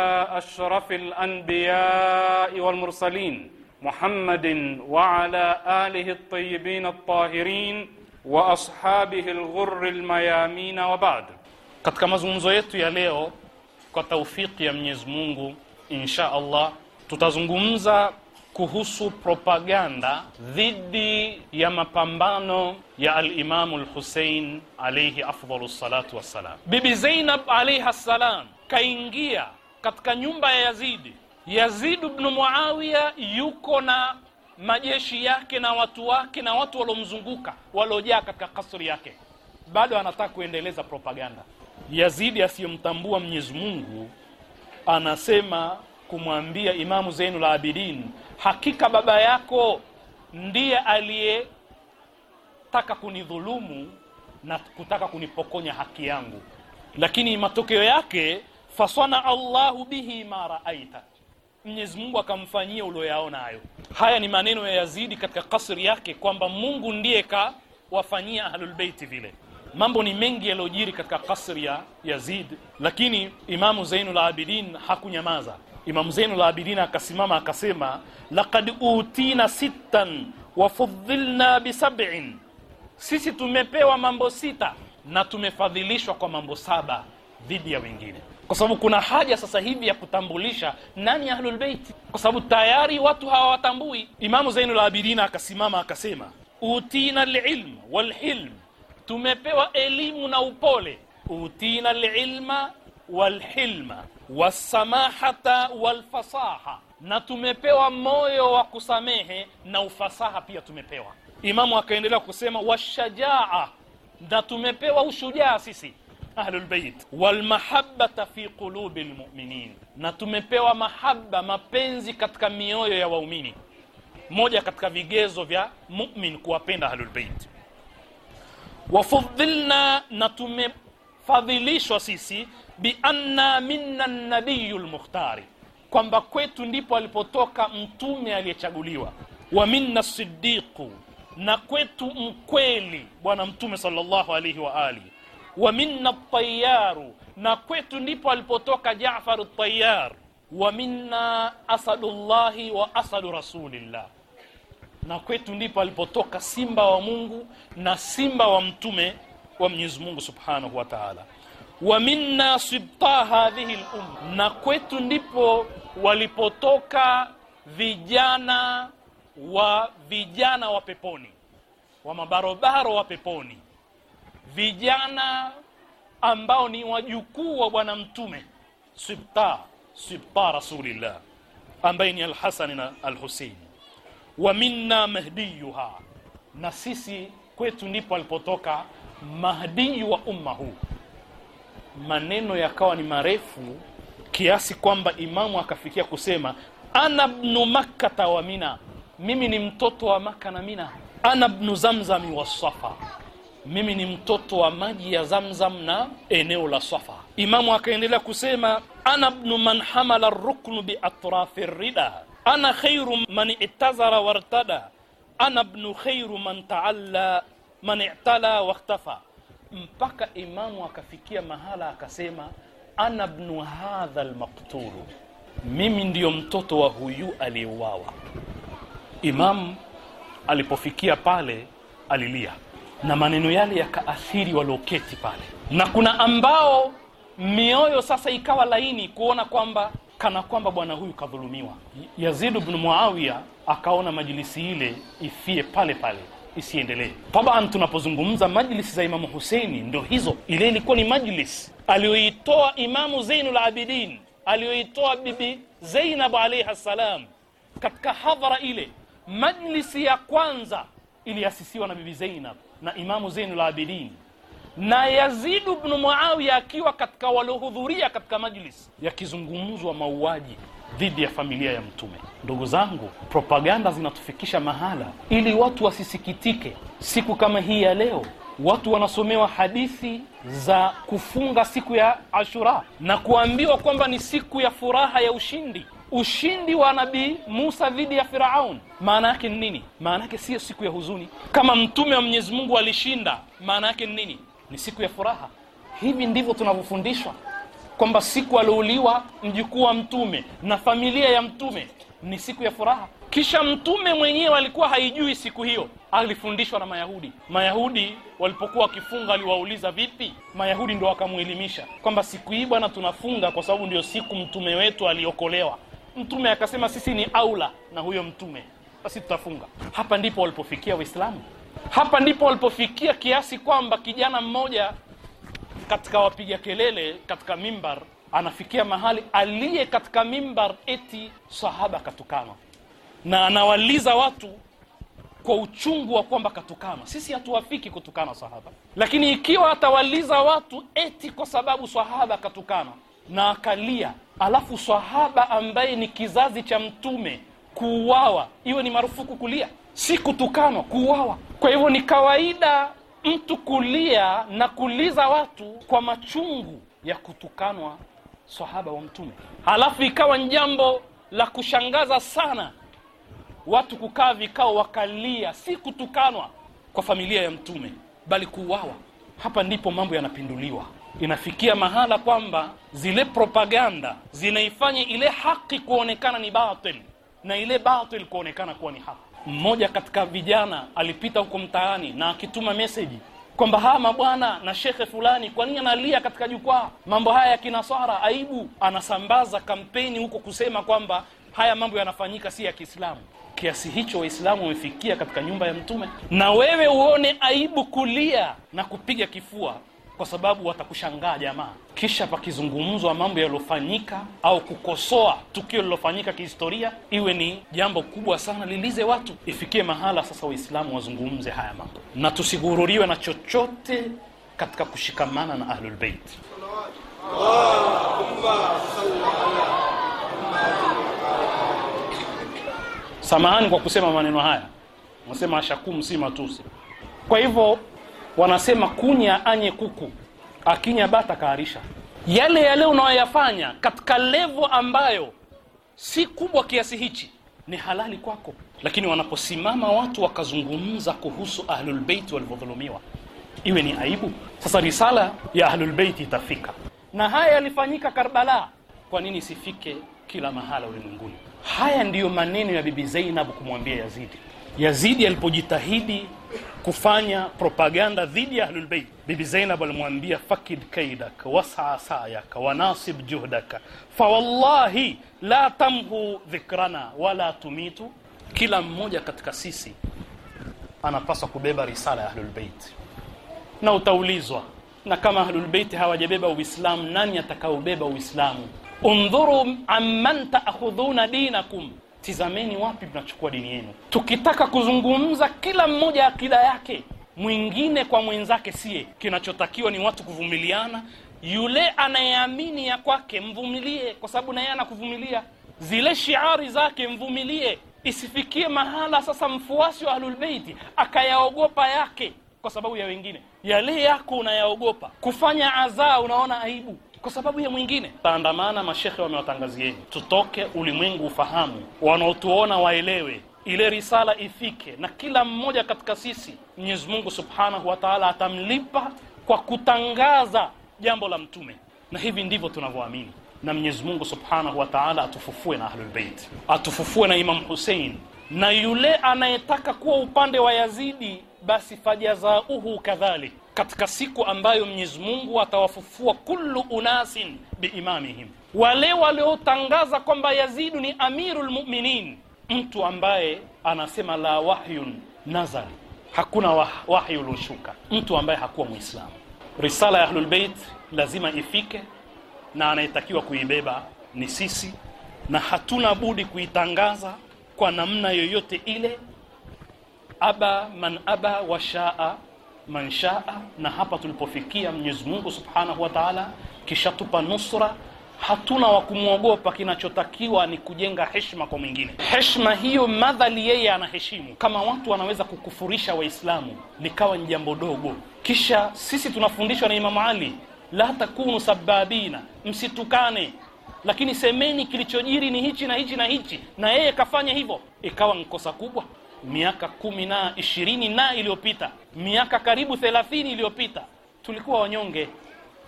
أشرف الأنبياء والمرسلين محمد وعلى آله الطيبين الطاهرين وأصحابه الغر الميامين وبعد قد كما yetu ya leo kwa taufiki ya mwenyezi mungu insha allah kuhusu propaganda dhidi ya mapambano ya alimamu Lhusein alaihi afdalu salatu wassalam. Bibi Zainab alaihi ssalam kaingia katika nyumba ya Yazidi. Yazidu bnu Muawiya yuko na majeshi yake na watu wake na watu waliomzunguka waliojaa katika kasri yake, bado anataka kuendeleza propaganda. Yazidi asiyemtambua Mwenyezi Mungu anasema kumwambia Imamu Zainul Abidin hakika baba yako ndiye aliyetaka kunidhulumu na kutaka kunipokonya haki yangu, lakini matokeo yake fasana Allahu bihi ma raaita, Mwenyezi Mungu akamfanyia ulioyaona hayo. Haya ni maneno ya Yazidi katika kasri yake kwamba Mungu ndiye kawafanyia ahlulbeiti vile. Mambo ni mengi yaliyojiri katika kasri ya Yazid, lakini Imamu Zainul Abidin hakunyamaza. Imamu Zainul Abidin akasimama akasema, lakad utina sittan wa bisabin sisi tumepewa mambo sita na tumefadhilishwa kwa mambo saba dhidi ya wengine, kwa sababu kuna haja sasa hivi ya kutambulisha nani ahlulbeiti kwa sababu tayari watu hawawatambui. Imamu Zainul Abidin akasimama akasema, utina lilm walhilm, tumepewa elimu na upole. Utina lilma walhilma wasamahata walfasaha, na tumepewa moyo wa kusamehe na ufasaha pia tumepewa. Imamu akaendelea kusema washajaa, na tumepewa ushujaa sisi ahlulbeit, walmahabata fi qulubi lmuminin, na tumepewa mahaba, mapenzi katika mioyo ya waumini. Moja katika vigezo vya mumin kuwapenda ahlulbeit. Wafudhilna, na tumefadhilishwa sisi bianna minna nabiyu lmukhtari kwamba kwetu ndipo alipotoka mtume aliyechaguliwa wa minna siddiqu na kwetu mkweli bwana mtume sallallahu alaihi wa alihi wa minna tayaru na kwetu ndipo alipotoka Jaafar at-Tayyar wa minna asadullahi wa asadu rasulillah na kwetu ndipo alipotoka simba wa Mungu na simba wa mtume wa Mwenyezi Mungu subhanahu wa ta'ala wa minna sibta hadhihi al na kwetu ndipo walipotoka vijana wa vijana wa peponi, wa mabarobaro wa peponi, vijana ambao ni wajukuu wa Bwana Mtume sibta sibta rasulillah, ambaye ni alhasani na al Wa minna mahdiyuha, na sisi kwetu ndipo alipotoka mahdiyu wa umma huu maneno yakawa ni marefu kiasi kwamba imamu akafikia kusema ana bnu makkata wa mina, mimi ni mtoto wa Maka na Mina. Ana bnu zamzami wa Safa, mimi ni mtoto wa maji ya Zamzam na eneo la Safa. Imamu akaendelea kusema ana bnu man hamala ruknu biatrafi rida ana khairu man itazara wartada ana bnu khairu man taalla man itala wakhtafa mpaka imamu akafikia mahala akasema ana bnu hadha lmaktulu, mimi ndiyo mtoto wa huyu aliyeuawa. Imamu alipofikia pale alilia, na maneno yale yakaathiri walioketi pale, na kuna ambao mioyo sasa ikawa laini kuona kwamba kana kwamba bwana huyu kadhulumiwa. yazidu bnu Muawiya akaona majilisi ile ifie pale pale isiendelee. Tabaan, tunapozungumza majlisi za Imamu Huseini ndo hizo. Ile ilikuwa ni majlis aliyoitoa Imamu Zeinul Abidin, aliyoitoa Bibi Zainab alaihi ssalam katika hadhara ile. Majlisi ya kwanza iliasisiwa na Bibi Zainab na Imamu Zeinul Abidin na Yazidu bnu Muawiya akiwa katika waliohudhuria katika majlis, yakizungumzwa mauaji dhidi ya familia ya Mtume. Ndugu zangu, propaganda zinatufikisha mahala, ili watu wasisikitike. Siku kama hii ya leo watu wanasomewa hadithi za kufunga siku ya Ashura na kuambiwa kwamba ni siku ya furaha ya ushindi, ushindi wa Nabii Musa dhidi ya Firaun. Maana yake ni nini? Maana yake siyo siku ya huzuni. Kama mtume wa Mwenyezi Mungu alishinda, maana yake ni nini? Ni siku ya furaha. Hivi ndivyo tunavyofundishwa kwamba siku aliouliwa mjukuu wa mtume na familia ya mtume ni siku ya furaha. Kisha mtume mwenyewe alikuwa haijui siku hiyo, alifundishwa na Mayahudi. Mayahudi walipokuwa wakifunga aliwauliza vipi, Mayahudi ndo wakamwelimisha kwamba siku hii bwana, tunafunga kwa sababu ndio siku mtume wetu aliokolewa. Mtume akasema sisi ni aula na huyo mtume, basi tutafunga. Hapa ndipo walipofikia Waislamu, hapa ndipo walipofikia kiasi kwamba kijana mmoja katika wapiga kelele katika mimbar, anafikia mahali aliye katika mimbar eti sahaba katukanwa, na anawaliza watu kwa uchungu wa kwamba katukana. Sisi hatuwafiki kutukana sahaba, lakini ikiwa atawaliza watu eti kwa sababu sahaba katukana na akalia, alafu sahaba ambaye ni kizazi cha Mtume kuuawa, iwe ni marufuku kulia, si kutukanwa, kuuawa. Kwa hivyo ni kawaida mtu kulia na kuliza watu kwa machungu ya kutukanwa sahaba wa Mtume. Halafu ikawa ni jambo la kushangaza sana watu kukaa vikao wakalia, si kutukanwa kwa familia ya Mtume bali kuuawa. Hapa ndipo mambo yanapinduliwa. Inafikia mahala kwamba zile propaganda zinaifanya ile haki kuonekana ni batil na ile batil kuonekana kuwa ni haki mmoja katika vijana alipita huko mtaani na akituma meseji kwamba haya mabwana na shekhe fulani, kwa nini analia katika jukwaa mambo haya ya kinaswara? Aibu. Anasambaza kampeni huko kusema kwamba haya mambo yanafanyika si ya Kiislamu. Kiasi hicho Waislamu wamefikia katika nyumba ya Mtume, na wewe uone aibu kulia na kupiga kifua kwa sababu watakushangaa jamaa. Kisha pakizungumzwa mambo yaliyofanyika au kukosoa tukio lililofanyika kihistoria, iwe ni jambo kubwa sana lilize watu, ifikie mahala sasa Waislamu wazungumze haya mambo, na tusighururiwe na chochote katika kushikamana na Ahlulbeit. Samahani kwa kusema maneno haya, nasema ashakum si matusi. Kwa hivyo wanasema kunya anye kuku akinya bata kaarisha yale yale unayoyafanya katika levo ambayo si kubwa kiasi hichi ni halali kwako lakini wanaposimama watu wakazungumza kuhusu ahlulbeiti walivyodhulumiwa iwe ni aibu sasa risala ya ahlulbeiti itafika na haya yalifanyika karbala kwa nini isifike kila mahala ulimwenguni haya ndiyo maneno ya bibi zainab kumwambia yazidi yazidi alipojitahidi kufanya propaganda dhidi ya Ahlulbeit. Bibi Zainab alimwambia fakid kaidak wasaa sayak wanasib juhdaka fawallahi la tamhu dhikrana wala tumitu. Kila mmoja katika sisi anapaswa kubeba risala ya Ahlulbeit, na utaulizwa na kama Ahlulbeiti hawajabeba Uislamu, nani atakaobeba Uislamu? Undhuru amman taakhudhuna dinakum tizameni wapi mnachukua dini yenu. Tukitaka kuzungumza kila mmoja akida yake mwingine kwa mwenzake siye, kinachotakiwa ni watu kuvumiliana. Yule anayeamini ya kwake mvumilie, kwa sababu naye anakuvumilia. Zile shiari zake mvumilie, isifikie mahala sasa mfuasi wa Ahlulbeiti akayaogopa yake kwa sababu ya wengine. Yale yako unayaogopa kufanya adhaa, unaona aibu kwa sababu ya mwingine. Taandamana, mashekhe wamewatangazieni, tutoke ulimwengu ufahamu, wanaotuona waelewe, ile risala ifike, na kila mmoja katika sisi Mwenyezi Mungu Subhanahu wataala atamlipa kwa kutangaza jambo la Mtume, na hivi ndivyo tunavyoamini na Mwenyezi Mungu Subhanahu wa Ta'ala atufufue na Ahlulbeit, atufufue na Imam husein na yule anayetaka kuwa upande wa Yazidi basi fajazauhu kadhalik katika siku ambayo Mwenyezi Mungu atawafufua kullu unasin biimamihim, wale waliotangaza kwamba Yazidu ni amirul mu'minin, mtu ambaye anasema la wahyun nazari, hakuna wah, wahyi ulioshuka, mtu ambaye hakuwa Muislamu. Risala ya Ahlul Bait lazima ifike, na anayetakiwa kuibeba ni sisi, na hatuna budi kuitangaza kwa namna yoyote ile, aba man aba washaa manshaa. Na hapa tulipofikia, Mwenyezi Mungu Subhanahu wa Ta'ala tupa nusra, hatuna wa kumwogopa. Kinachotakiwa ni kujenga heshima kwa mwingine. Heshima hiyo madhali yeye anaheshimu. Kama watu wanaweza kukufurisha Waislamu likawa ni jambo dogo, kisha sisi tunafundishwa na Imamu Ali, la takunu sababina, msitukane lakini semeni kilichojiri ni hichi na hichi na hichi, na yeye kafanya hivyo, ikawa nkosa kubwa miaka kumi na ishirini na iliyopita, miaka karibu thelathini iliyopita tulikuwa wanyonge,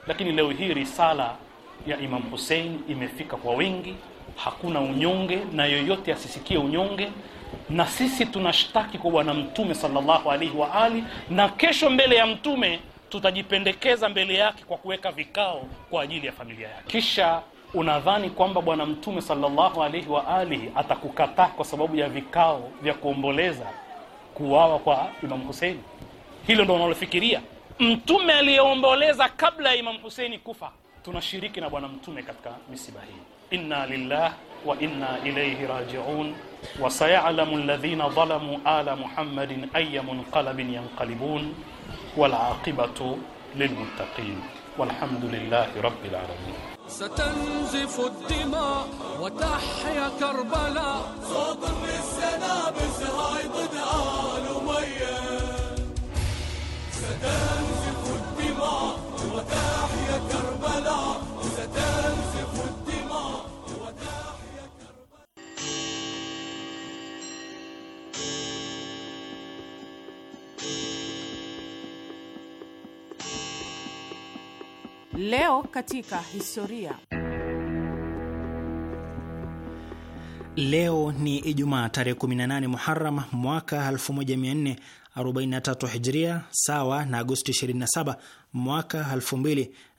lakini leo hii risala ya Imam Hussein imefika kwa wingi Hakuna unyonge na yoyote asisikie unyonge, na sisi tunashtaki kwa Bwana Mtume sallallahu alaihi wa ali, na kesho mbele ya Mtume tutajipendekeza mbele yake kwa kuweka vikao kwa ajili ya familia yake kisha unadhani kwamba Bwana Mtume sallallahu alaihi wa alihi atakukataa kwa sababu ya vikao vya kuomboleza kuuawa kwa Imamu Huseini? Hilo ndo unalofikiria? Mtume aliyeomboleza kabla ya Imamu Huseini kufa, tunashiriki na Bwana Mtume katika misiba hii. Inna lillah wa inna ilaihi rajiun wa sayalamu ladhina dhalamu ala muhammadin aya munqalabin yanqalibun wal lilmutaqin lilmuttaqin walhamdulillahi rabbil alamin. ستنزف الدماء وتحيا كربلاء صوت من السنابس هاي ضدها Leo katika historia. Leo ni Ijumaa tarehe 18 muharam mwaka 1443 Hijria, sawa na Agosti 27 mwaka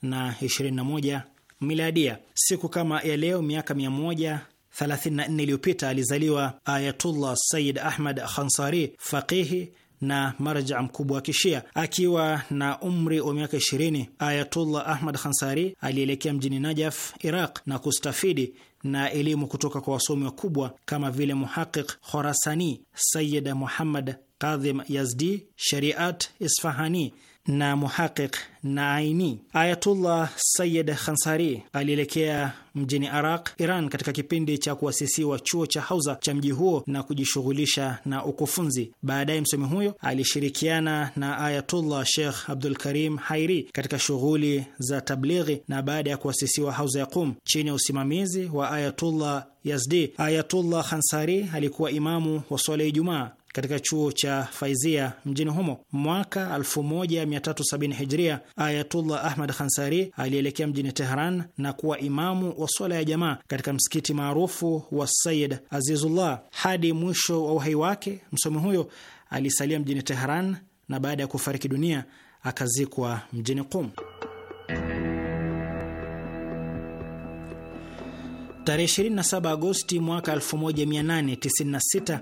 2021 Miladia. Siku kama ya leo miaka 134 iliyopita alizaliwa Ayatullah Sayyid Ahmad Khansari, faqihi na marja mkubwa wa Kishia. Akiwa na umri wa miaka 20, Ayatullah Ahmad Khansari alielekea mjini Najaf, Iraq, na kustafidi na elimu kutoka kwa wasomi wakubwa kama vile Muhaqiq Khorasani, Sayid Muhammad Kadhim Yazdi, Shariat Isfahani na muhaqiq na aini. Ayatullah sayid Khansari alielekea mjini Araq, Iran, katika kipindi cha kuasisiwa chuo cha Hauza cha mji huo na kujishughulisha na ukufunzi. Baadaye msomi huyo alishirikiana na Ayatullah Sheikh Abdul Karim Hairi katika shughuli za tablighi, na baada ya kuasisiwa Hauza ya Qum chini ya usimamizi wa Ayatullah Yazdi, Ayatullah Khansari alikuwa imamu wa swala ya Ijumaa katika chuo cha Faizia mjini humo. Mwaka 1370 Hijria, Ayatullah Ahmad Khansari alielekea mjini teheran na kuwa imamu wa swala ya jamaa katika msikiti maarufu wa Sayid Azizullah. Hadi mwisho wa uhai wake, msomi huyo alisalia mjini teheran na baada ya kufariki dunia akazikwa mjini Qum. Tarehe 27 Agosti mwaka 1896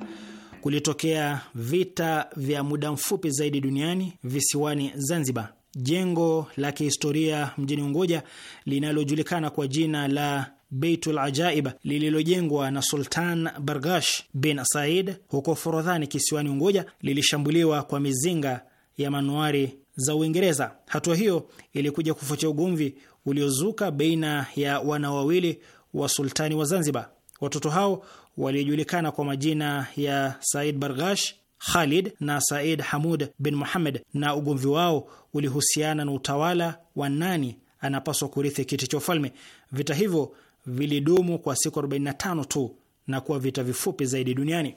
kulitokea vita vya muda mfupi zaidi duniani visiwani Zanzibar. Jengo la kihistoria mjini Unguja linalojulikana kwa jina la Beitul Ajaib lililojengwa na Sultan Bargash bin Said huko Forodhani kisiwani Unguja lilishambuliwa kwa mizinga ya manuari za Uingereza. Hatua hiyo ilikuja kufuatia ugomvi uliozuka baina ya wana wawili wa sultani wa Zanzibar. Watoto hao waliojulikana kwa majina ya Said Barghash, Khalid na Said Hamud bin Muhammad, na ugomvi wao ulihusiana na utawala wa nani anapaswa kurithi kiti cha ufalme. Vita hivyo vilidumu kwa siku 45 tu na kuwa vita vifupi zaidi duniani.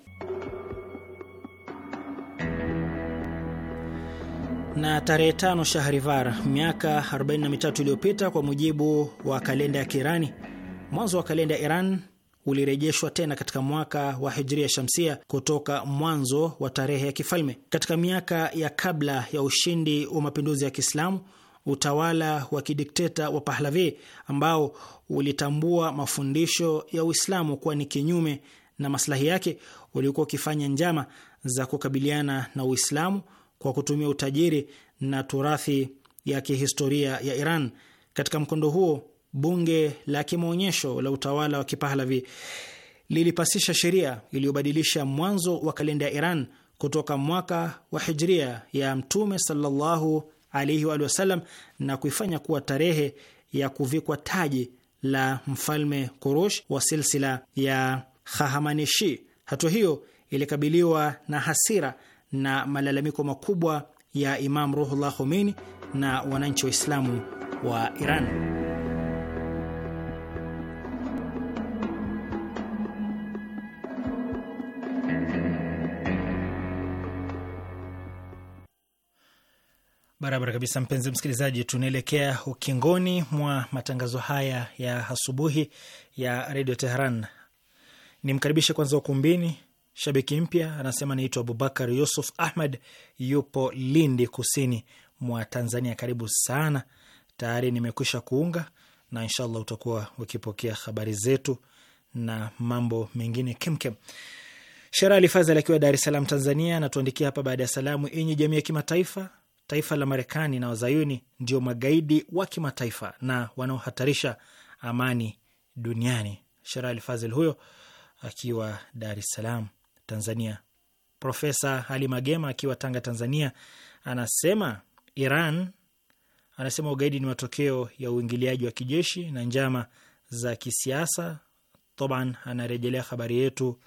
na tarehe tano Shahrivar miaka 43 iliyopita kwa mujibu wa kalenda ya Kirani, mwanzo wa kalenda ya Iran ulirejeshwa tena katika mwaka wa hijria shamsia kutoka mwanzo wa tarehe ya kifalme. Katika miaka ya kabla ya ushindi wa mapinduzi ya Kiislamu, utawala wa kidikteta wa Pahlavi ambao ulitambua mafundisho ya Uislamu kuwa ni kinyume na maslahi yake, ulikuwa ukifanya njama za kukabiliana na Uislamu kwa kutumia utajiri na turathi ya kihistoria ya Iran. Katika mkondo huo bunge la kimaonyesho la utawala wa Kipahlavi lilipasisha sheria iliyobadilisha mwanzo wa kalenda ya Iran kutoka mwaka wa hijria ya Mtume sallallahu alaihi wa sallam na kuifanya kuwa tarehe ya kuvikwa taji la mfalme Kurush wa silsila ya Hahamaneshi. Hatua hiyo ilikabiliwa na hasira na malalamiko makubwa ya Imam Ruhullah Khomeini na wananchi Waislamu wa Iran. Barabara kabisa, mpenzi msikilizaji, tunaelekea ukingoni mwa matangazo haya ya asubuhi ya redio Teheran. Nimkaribishe kwanza ukumbini shabiki mpya, anasema anaitwa Abubakar Yusuf Ahmad, yupo Lindi, kusini mwa Tanzania. Karibu sana, tayari nimekwisha kuunga na inshallah utakuwa ukipokea habari zetu na mambo mengine kemkem. Sherali Fazal akiwa Dar es Salaam, Tanzania, anatuandikia hapa baada ya salamu, enyi jamii ya kimataifa taifa la Marekani na wazayuni ndio magaidi wa kimataifa na wanaohatarisha amani duniani. Sherali Fazil huyo akiwa Dar es Salaam, Tanzania. Profesa Ali Magema akiwa Tanga, Tanzania, anasema Iran anasema ugaidi ni matokeo ya uingiliaji wa kijeshi na njama za kisiasa. Toban anarejelea habari yetu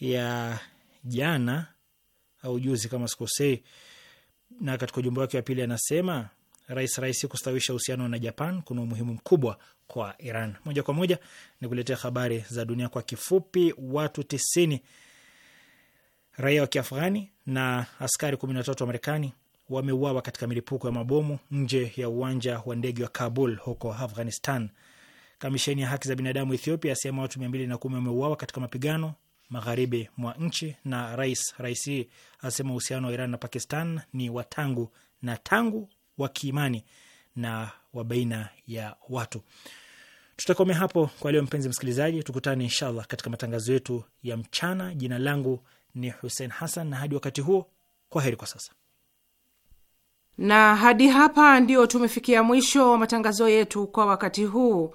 ya jana au juzi kama sikosei na katika ujumbe wake wa pili anasema rais rais kustawisha uhusiano na Japan kuna umuhimu mkubwa kwa Iran. Moja kwa moja ni kuletea habari za dunia kwa kifupi. Watu tisini raia wa Kiafghani na askari kumi na tatu wa Marekani wameuawa katika milipuko ya mabomu nje ya uwanja wa ndege wa Kabul huko Afghanistan. Kamisheni ya haki za binadamu Ethiopia asema watu mia mbili na kumi wameuawa katika mapigano magharibi mwa nchi, na rais Raisi asema uhusiano wa Iran na Pakistan ni watangu na tangu wa kiimani na wa baina ya watu. Tutakomea hapo kwa leo, mpenzi msikilizaji, tukutane inshallah katika matangazo yetu ya mchana. Jina langu ni Hussein Hassan, na hadi wakati huo, kwa heri kwa sasa. Na hadi hapa ndio tumefikia mwisho wa matangazo yetu kwa wakati huu.